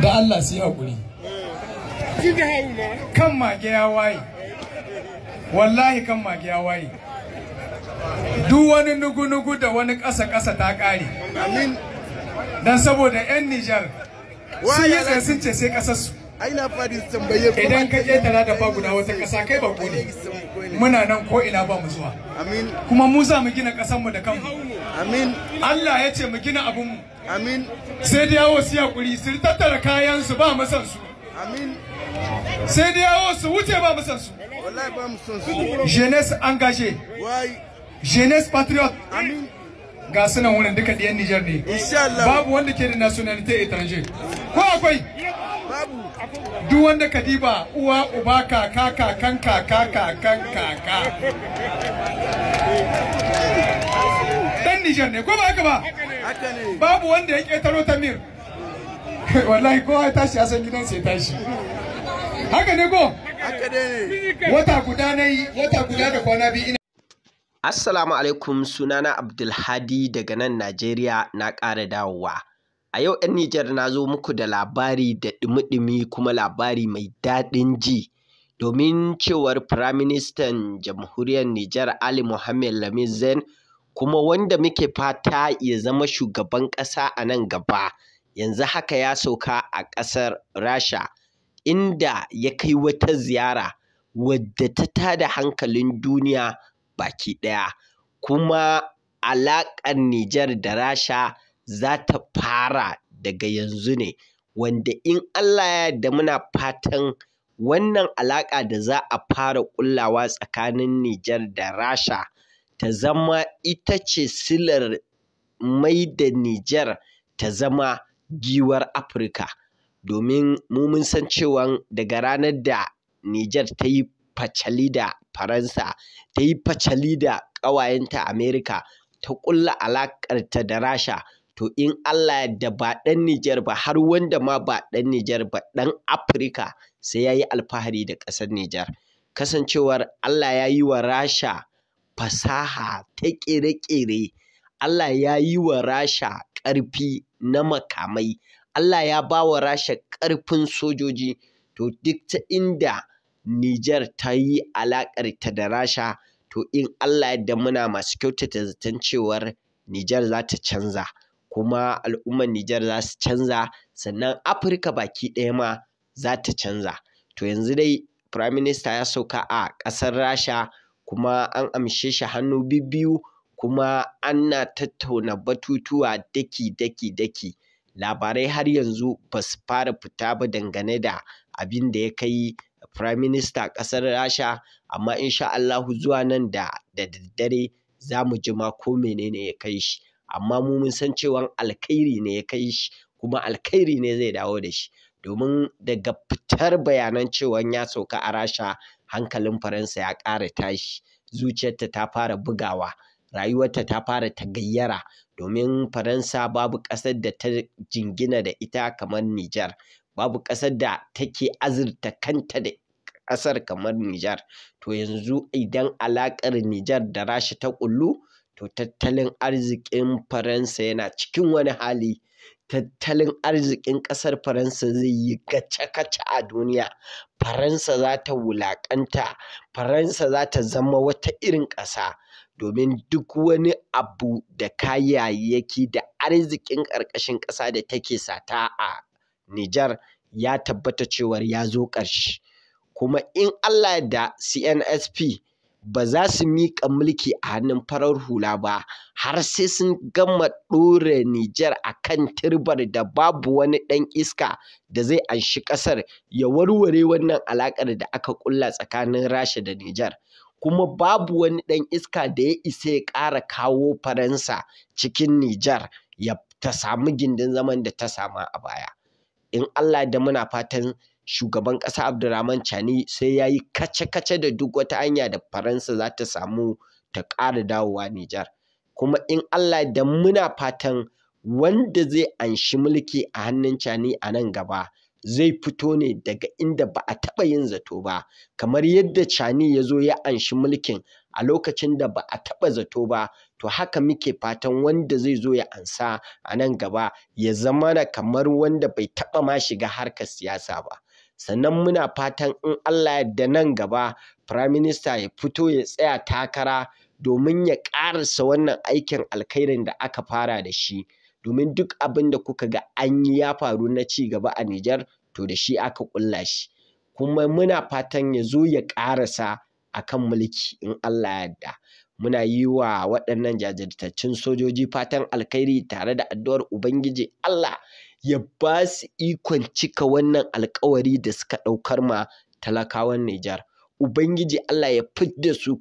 da Allah su yi haƙuri kan mage ya waye wallahi kan mage ya waye duk wani nugu-nugu da wani ƙasa-ƙasa ta ƙare don saboda 'yan Nijar sun yi tsaye sun ce sai ƙasarsu idan ka ƙetara da ba guda wata ƙasa kai ba ne muna nan ko ina ba mu zuwa kuma mu za mu gina ƙasarmu da kanmu Allah ya ce mu gina abinmu amin sai da yawo su yakuri su tattara kayan su ba masan su amin sai da yawo su wuce ba masan su wallahi ba musan su jeunesse engagée wai jeunesse patriote amin ga sunan wurin duka ɗiyan Nijar ne. Babu wanda ke da nationalité étranger. Ko akwai? Babu. Duk wanda ka diba uwa uba kaka kakan kaka kakan kaka. Dan Nijar ne ko ba haka ba? babu wanda ya ƙetaro ta mir wallahi kowa ya tashi ya san gidansa tashi haka ne ko wata guda na yi wata guda da kwana biyu ina Assalamu alaikum sunana Abdulhadi daga nan Najeriya na ƙara dawowa. A yau 'yan Nijar na zo muku da labari da ɗumi-ɗumi kuma labari mai daɗin ji domin cewar Firaministan Jamhuriyar Nijar Ali Mohammed Lamin kuma wanda muke fata ya zama shugaban ƙasa a nan gaba yanzu haka ya sauka a ƙasar Rasha inda ya kai wata ziyara wadda ta tada hankalin duniya baki ɗaya kuma alaƙar Nijar da Rasha za ta fara daga yanzu ne wanda in Allah ya yarda muna fatan wannan alaƙa da za a fara ƙullawa tsakanin Nijar da Rasha ta zama ita ce silar mai da Nijar ta zama giwar Afirka, domin mu san cewa daga ranar da Nijar ta yi facali da Faransa, ta yi facali da ƙawayenta Amerika, ta ƙulla alaƙarta da Rasha, to in Allah da ba ɗan Nijar ba har wanda ma ba ɗan Nijar ba ɗan Afirka sai ya yi alfahari da ƙasar Nijar. Kasancewar Allah ya yi wa Rasha fasaha ta ƙere-ƙere, Allah ya yi wa Rasha ƙarfi na makamai, Allah ya ba wa Rasha ƙarfin sojoji, to duk ta inda Nijar ta yi alaƙarta da Rasha, to in Allah yadda muna masu kyautata zaton cewar Nijar za ta canza, kuma al'ummar Nijar za su canza, sannan Afirka baki ɗaya ma za ta canza. To yanzu dai Firaminista ya sauka a ƙasar Rasha. kuma an amshe shi hannu bibbiyu kuma ana tattauna batutuwa daki-daki-daki. Labarai har yanzu ba su fara fita ba dangane da abin da ya kai minister ƙasar Rasha amma insha Allahu zuwa nan da da daddare za mu ji ma ko menene ya kai shi. Amma mu mun san cewa alkhairi ne ya kai shi kuma alkhairi ne zai dawo da shi domin daga fitar bayanan cewan ya sauka a Rasha hankalin faransa ya ƙara tashi zuciyarta ta fara bugawa rayuwarta ta fara tagayyara domin faransa babu ƙasar da ta jingina da ita kamar nijar babu ƙasar da take azurta kanta da ƙasar kamar nijar to yanzu idan alaƙar nijar da rasha ta ƙullu to tattalin arzikin faransa yana cikin wani hali tattalin arzikin ƙasar Faransa zai yi kaca-kaca a duniya. Faransa za ta wulaƙanta, Faransa za ta zama wata irin ƙasa. Domin duk wani abu da kayayyaki da arzikin ƙarƙashin ƙasa da take sata a Nijar ya tabbata cewar ya zo ƙarshe. Kuma in Allah da CNSP ba za su miƙa mulki a hannun farar hula ba har sai sun gama ɗora Nijar a kan turbar da babu wani ɗan iska da zai anshi ƙasar ya warware wannan alaƙar da aka ƙulla tsakanin Rasha da Nijar. Kuma babu wani ɗan iska da ya isa ya ƙara kawo Faransa cikin Nijar ya ta samu gindin zaman da ta samu a baya. In Allah da muna fatan shugaban ƙasa abdulrahman Chani sai ya yi kace-kace da duk wata hanya da Faransa za ta samu ta ƙara dawowa Nijar. Kuma in Allah da muna fatan wanda zai anshi mulki a hannun Chani a nan gaba zai fito ne daga inda ba a taɓa yin zato ba, kamar yadda Chani ya zo ya anshi mulkin a lokacin da ba a taɓa zato ba, to haka muke fatan wanda zai zo ya ansa a nan gaba ya zama kamar wanda bai taɓa ma shiga harkar siyasa ba. sannan muna fatan in Allah yadda nan gaba Prime Minister ya fito ya tsaya takara domin ya ƙarasa wannan aikin alkhairin da aka fara da shi domin duk abin da kuka ga an yi ya faru na ci gaba a Nijar to da shi aka ƙulla shi kuma muna fatan ya zo ya ƙarasa akan mulki in Allah yadda muna yi wa waɗannan jajirtaccen sojoji fatan alkhairi tare da addu'ar ubangiji Allah ya ba su ikon cika wannan alkawari da suka ɗaukar ma talakawan Nijar ubangiji Allah ya fidda su